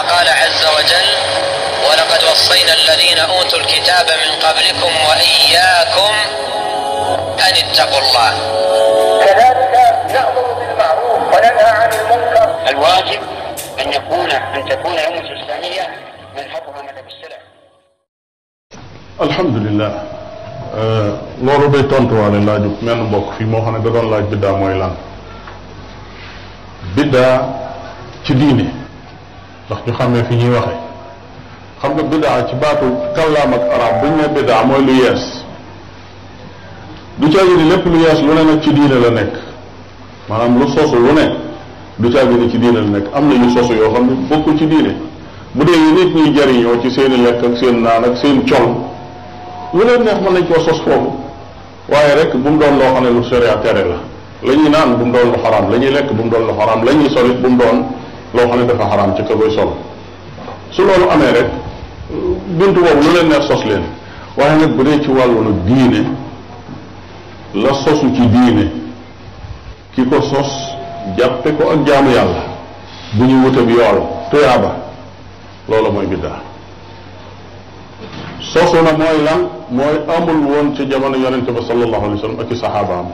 قال عز وجل ولقد وصينا الذين أوتوا الكتاب من قبلكم وإياكم أن اتقوا الله كذلك نأمر بالمعروف وننهى عن المنكر الواجب أن يكون أن تكون أمة إسلامية منهجها مذهب السلف الحمد لله loolu day tontuwaale laaju menn mbokk fii moo xam ne da doon laaj biddaa mooy lan biddaa ci diine ndax ñu xam ne fi ñuy waxee xam nga bidaa ci baatu kawlaam ak arab bu ñu ne bidaa mooy lu yees du caagi ni lépp lu yees lu ne nag ci diine la nekk maanaam lu sosu lu ne du caagi ni ci diine la nekk am na yu sosu yoo xam ne bokkul ci diine bu dee yi nit ñuy jariñoo ci seen i lekk ak seen naan ak seen col lu leen neex mën nañ koo sos foofu waaye rek bu mu doon loo xam ne lu sharia tere la la ñuy naan bu mu doon lu xaraam la lekk bu mu doon la ñuy solit bu mu doon loo xam ne dafa xaraam ci ka koy sol su loolu amee rek buntu boobu lu leen neex sos leen waaye nag bu dee ci wàllu nag diine la sosu ci diine ki ko sos jàppe ko ak jaamu yàlla bu ñu wutab yool tuyaaba loola mooy biddaa sosu na mooy lan mooy amul woon ci jamono yonente ba sallallahu alayhi wa sallam ak i saxaabaam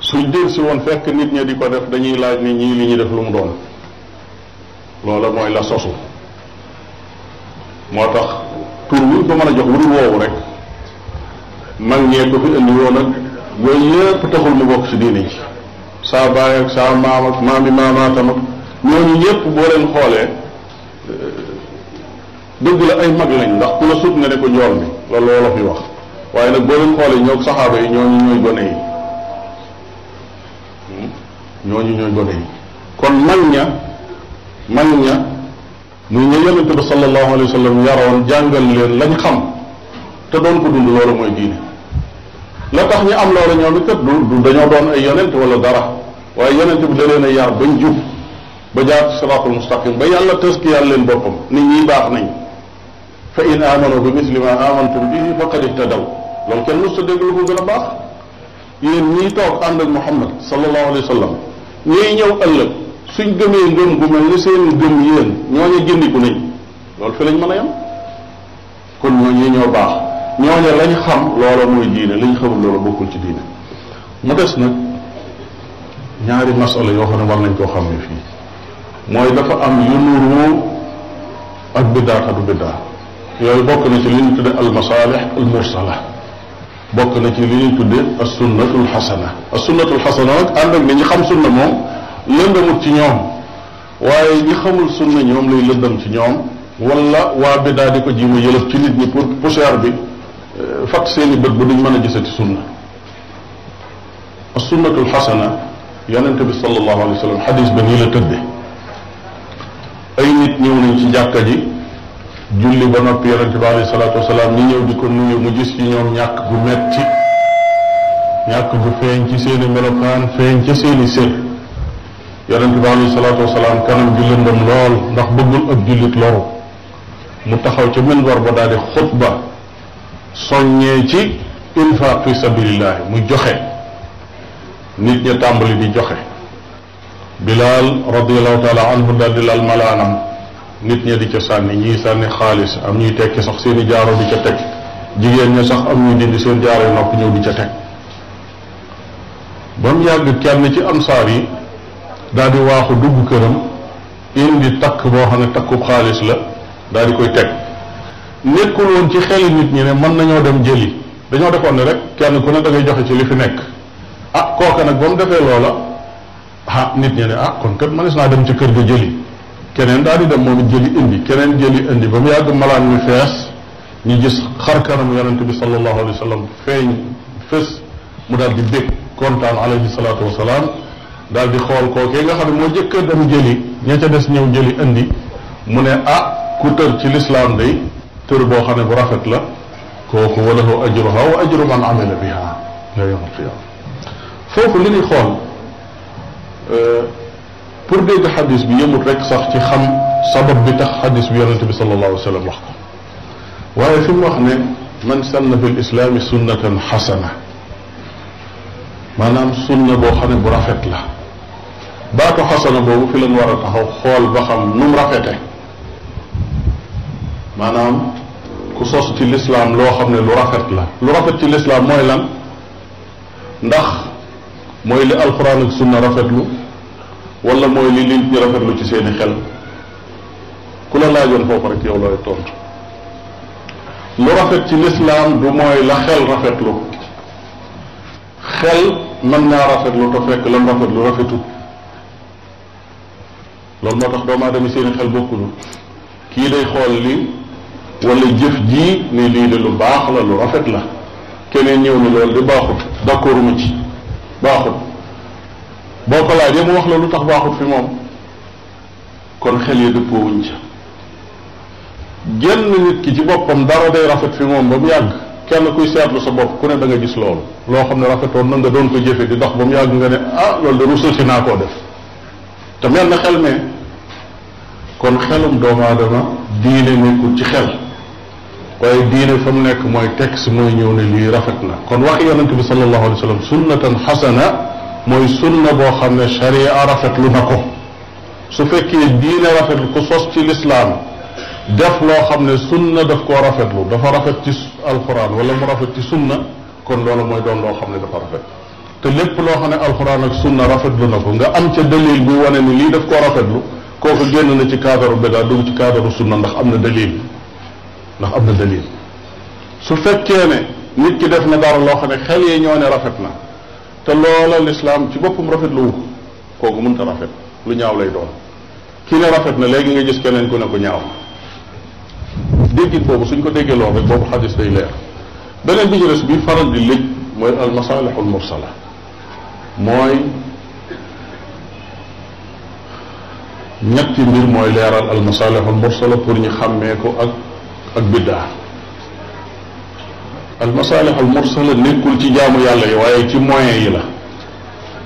suñ délsi woon fekk nit ñi di ko def dañuy laaj ni ñi li ñuy def lu mu doon loola mooy la sosu moo tax tur wi ko mën a jox lu dul woowu rek mag ñee ko fi indi woon ak yooyu yëpp taxul mu bokk ci diini ji saa baay ak saa maam ak maami maamaatam ak ñooñu ñëpp boo leen xoolee eh, dëgg la ay mag lañ ndax ku la sut nga ne ko njool mi loolu wolof yi wax waaye nag boo leen xoolee ñoo saxaaba yi ñooñu ñooy gone yi hmm? ñooñu ñooy gone yi kon mag ña man ña muy ñu yonente bi sallallahu alayhi wa sallam yaroon leen lañ xam te doon ko dund loolu mooy diine la tax ñu am loolu ñoom it kat du dañoo doon ay yonente wala dara waaye yonente bi da leen a yar bañ jub ba jaar siraatul mustaqim ba yàlla taskiyaal leen boppam nit ñi baax nañ fa in amanu bi misli ma amantum bihi faqad ihtadaw loolu kenn mës ta dégg lu ko gën a baax yéen ñii toog ànd ak Muhammad sallallahu alayhi wa sallam ñuy ñëw suñ gëmee ngëm gu mel ni seen gëm yéen ñooñu jëndiku nañ loolu fi lañ mën a yem kon ñooñu ñoo baax ñooñu lañ xam loola mooy diine liñ xamul loola bokkul ci diine mu des nag ñaari masala yoo xam ne war nañ koo xam ne fii mooy dafa am yu nuru ak biddaa xadu biddaa yooyu bokk na ci li ñu tudde al masalih al mursala bokk na ci li ñu tudde as sunnatul xasana as sunnatul xasana nag ànd ak ni ñu xam sunna moom lëndamut ci ñoom waaye ñi xamul sunna ñoom lay lëndam ci ñoom wala waa bi daal di ko jiima yëlëf ci nit ñi pour poussière bi fat seeni bët ba duñ mën a gisati sunna assunnatul xasana yonente bi salallahu alei wa sallam xadis ba nii la tëdde ay nit ñëw nañ ci jàkka ji julli ba noppi yonente bi alayhi salatu wasalaam ñi ñëw di ko nuyu mu gis ci ñoom ñàkk gu metti ñàkk gu feeñ ci seeni melokaan feeñ ca seeni sër yonent bi alayhi salaatu wasalaam kanam gi lëndëm lool ndax bëggul ab jullit loru mu taxaw ca minbar ba daal di xutba soññee ci infaq fi sabilillah mu joxe nit ña tàmbali di joxe bilaal radiallahu taala anhu daal di lal malaanam nit ña di ca sànni ñii sànni xaalis am ñuy tekki sax seeni jaaro di ca teg jigéen ña sax am ñuy dindi seen jaaro nopp ñëw di ca teg ba mu yàgg kenn ci ansaar yi daal di waaxu dugg këram indi takk boo xam ne takku xaalis la daal di koy teg nekkul woon ci xeli nit ñi ne mën nañoo dem jëli dañoo defoon ne rek kenn ku ne da ngay joxe ci li fi nekk ah kooka nag ba mu defee loola ah nit ñi ne ah kon kat mënees naa dem ci kër gi jëli keneen daal di dem moom it jëli indi keneen jëli indi ba mu yàgg malaan mi fees ñu gis xar kanam yonente bi sallallahu alayhi wa feeñ fés mu daal di dégg kontaan alayhi salaatu wasalaam dal di xool kookee nga xam ne moo jëkk a dem jëli ña ca des ñëw jëli indi mu ne ah ku tër ci lislaam day tër boo xam ne bu rafet la kooku walahu ajruha wa ajru man amila biha la yawm alqiyama foofu li ñuy xool pour dégg xadis bi yëmut rek sax ci xam sabab bi tax xadis bi yonente bi salallahu alai sallam wax ko waaye fi mu wax ne man sanna fi lislaami sunnatan xasana maanaam sunna boo xam ne bu rafet la baatu xasana boobu fi lañ war a taxaw xool ba xam nu mu rafete maanaam ku sos ci lislaam loo xam ne lu rafet la lu rafet ci lislaam mooy lan ndax mooy li alquran ak sunna rafetlu wala mooy li nit ñi rafetlu ci seeni xel ku la laajoon foofu rek yow looy tontu lu rafet ci lislaam du mooy la xel rafetlu xel mën naa rafetlu te fekk lam rafetlu rafetut loolu moo tax doomu aadama seen xel bokkulu kii day xool li wala jëf ji ni lii de lu baax la lu rafet la keneen ñëw ni loolu di baaxut d' accord mu ci baaxut boo ko laajee mu wax la lu tax baaxut fi moom kon xel yi dëppoo wuñ ca genn nit ki ci boppam dara day rafet fi moom ba mu yàgg kenn kuy seetlu sa bopp ku ne da nga gis loolu loo xam ne rafetoon na nga doon ko jëfe di dox ba mu yàgg nga ne ah loolu de si naa koo def te mel na xel ne kon xelum doomu aadama diine nekkul ci xel waaye diine fa mu nekk mooy texte mooy ñëw ne rafet na kon wax yonente bi sallallahu alayhi wa sallam sunnatan xasana mooy sunna boo xam ne rafet rafetlu na ko su fekkee rafet rafetlu ku sos ci lislaam def loo xam ne sunna daf koo rafetlu dafa rafet ci alquran wala mu rafet ci sunna kon loolu mooy doon loo xam ne dafa rafet te lépp loo xam ne alxuraan ak sunna rafetlu na ko nga am ca dalil bu wane ni lii daf koo rafetlu kooku génn na ci cadre bidaa dugg ci cadre sunna ndax am na dalil ndax am na dalil su fekkee ne nit ki def na dara loo xam ne xel yi ñoo ne rafet na te loola lislaam ci boppam rafetlu wu kooku mënta rafet lu ñaaw lay doon ki ne rafet na léegi nga gis keneen ku ne ko ñaaw déggit boobu suñ ko déggee lool rek boobu xadis day leer beneen bi ci des bi faral di lëj mooy al al mursala mooy ñetti mbir mooy leeral al masalih al mursala pour ñu xàmmee ko ak ak biddaa al masalih al mursala nekkul ci jaamu yàlla yi waaye ci moyen yi la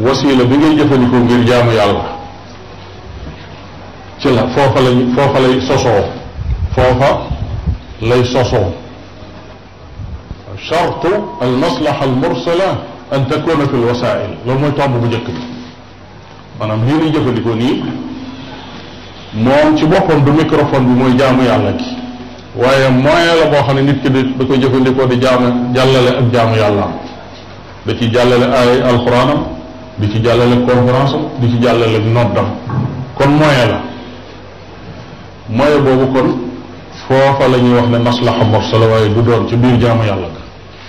wasila bi ngay jëfandikoo ngir jaamu yàlla ci la foofa lañ foofa lay sosoo foofa lay sosoo chartu al maslaha al mursala ان تكون في الوسائل لو موي توب بو جيك مانام لي ني جيفاليكو ني موم سي بوكم دو ميكروفون بي موي جامو يالا كي وايي موي لا بو خاني نيت كي دا كو جيفاليكو دي جامو جالال اك جامو يالا دا سي جالال اي القران دي سي جالال كونفرنس دي سي جالال نوبدام كون موي لا موي بوبو كون فوفا لا ني واخ مصلحه مرسله واي دو دون سي بير جامو يالا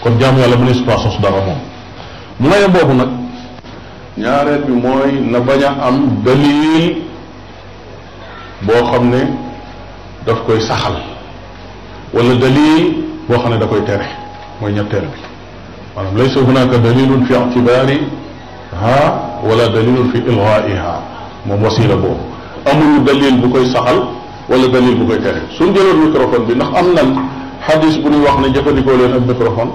كون جامو يالا من اسباسوس دارا موم moyen boobu nag ñaareel bi mooy na bañ a am dalil boo xam ne daf koy saxal wala dalil boo xam ne da koy tere mooy ñetteel bi maanaam laysa hunaka dalilun fi ha wala dalilun fi ilghaiha moom wasila boobu amul dalil bu koy saxal wala dalil bu koy tere suñ jëloon microphone bi ndax am nan xadis bu ñuy wax ne jëfandikoo leen ak microphone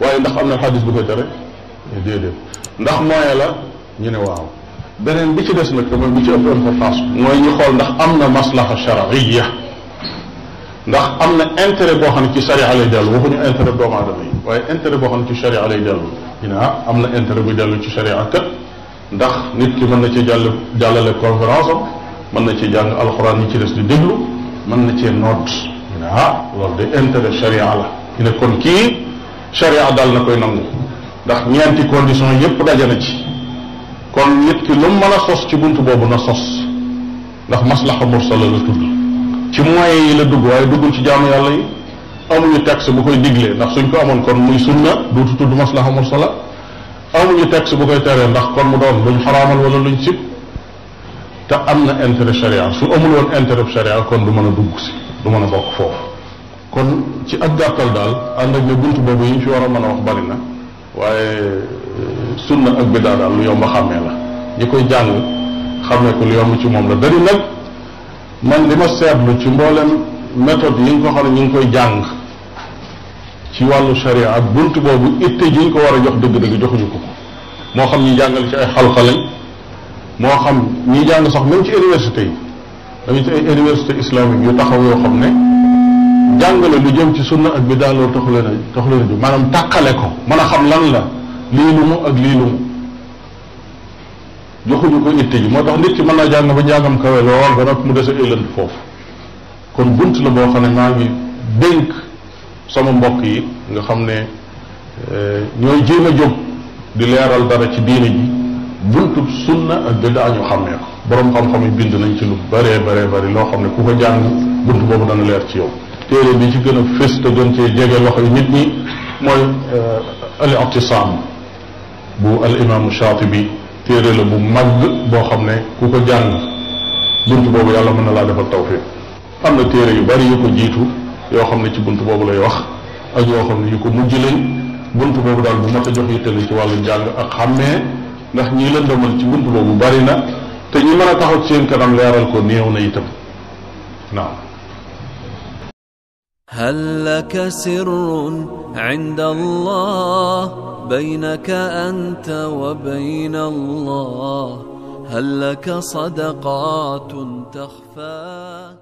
waaye ndax am na xadis bu koy tere ñu déedéet ndax moyen la ñu ne waaw beneen bi ci des nag mooy bi ci ëpp importance mooy ñu xool ndax am na maslaha charia ndax am na intérêt boo xam ne ci charia lay dellu waxuñu intérêt doomu aadama yi waaye intérêt boo xam ne ci charia lay dellu dinaa am na intérêt buy dellu ci charia kat ndax nit ki mën na ci jàll jàllale conférence am mën na ci jàng alxuraan yi ci des di déglu mën na cee noot ñu loolu de intérêt charia la ñu ne kon kii charia dal na koy nangu ndax ñeenti condition yépp daje na ci kon nit ki lu mën a sos ci buntu boobu na sos ndax maslaxa mursala la tudd ci moyens yi la dugg waaye duggul ci jaamu yàlla yi amuñu texte bu koy digle ndax suñ ko amoon kon muy sunna duutu tudd maslaxa mursala amuñu texte bu koy teree ndax kon mu doon luñ xaraamal wala luñ sib te am na intérêt charia su amul woon intérêt charia kon du mën a dugg si du mën a bokk foofu kon ci ab gàttal daal ànd ak ne bunt boobu yi ñu fi war a mën a wax bari na waaye euh, sunna ak biddaa daal lu yomb a xàmmee la ñi koy jàng xàmmee ko lu yomb ci moom la dari nag man li ma seetlu ci mboolem méthode yi nga ko xam ne ñu ngi koy jàng ci wàllu sharia ak bunt boobu itte ji ñu ko war a jox dëgg-dëgg joxuñu ko moo xam ñi jàngale ci ay xalqa moo xam ñi jàng sax même ci université yi dañu ci ay université islamique yu taxaw yoo xam ne jàngale lu jëm ci sunna ak bidaa loolu taxu leen a taxu leen a jóg maanaam tàqale ko mën a xam lan la lii lu mu ak lii lu mu joxuñu ko itte ji moo tax nit ki mën naa jàng ba njàngam kawe lool mu dese ëllëg foofu kon bunt la boo xam ne maa ngi dénk sama mbokk yi nga xam ne eh, ñooy jéem a jóg di leeral dara ci diine ji buntu sunna ak bidaa ñu ne ko boroom xam-xam yi bind nañ ci lu bëree bëree bëri loo xam ne ku ko jàng bunt boobu dana leer ci yow téere bi ci gën a fës te gën cee jege loxo yi nit ñi mooy euh, al i'tisaam bu al imaamu Shaatibi téere la bu mag boo xam ne ku ko jàng bunt boobu yàlla mën na laa defal tawfiq am na téere yu bari yu ko jiitu yoo xam ne ci bunt boobu lay wax ak yoo xam ne yu ko mujj lañ bunt boobu daal bu mat a jox yittale ci wàllu njàng ak xàmmee ndax ñii la demal ci bunt boobu bari na te ñi mën a taxaw ci seen kanam leeral ko néew na itam naam هل لك سر عند الله بينك أنت وبين الله هل لك صدقات تخفى